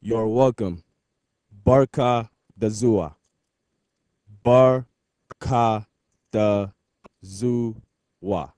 You're welcome. Barka da Zua. Barka da Zua.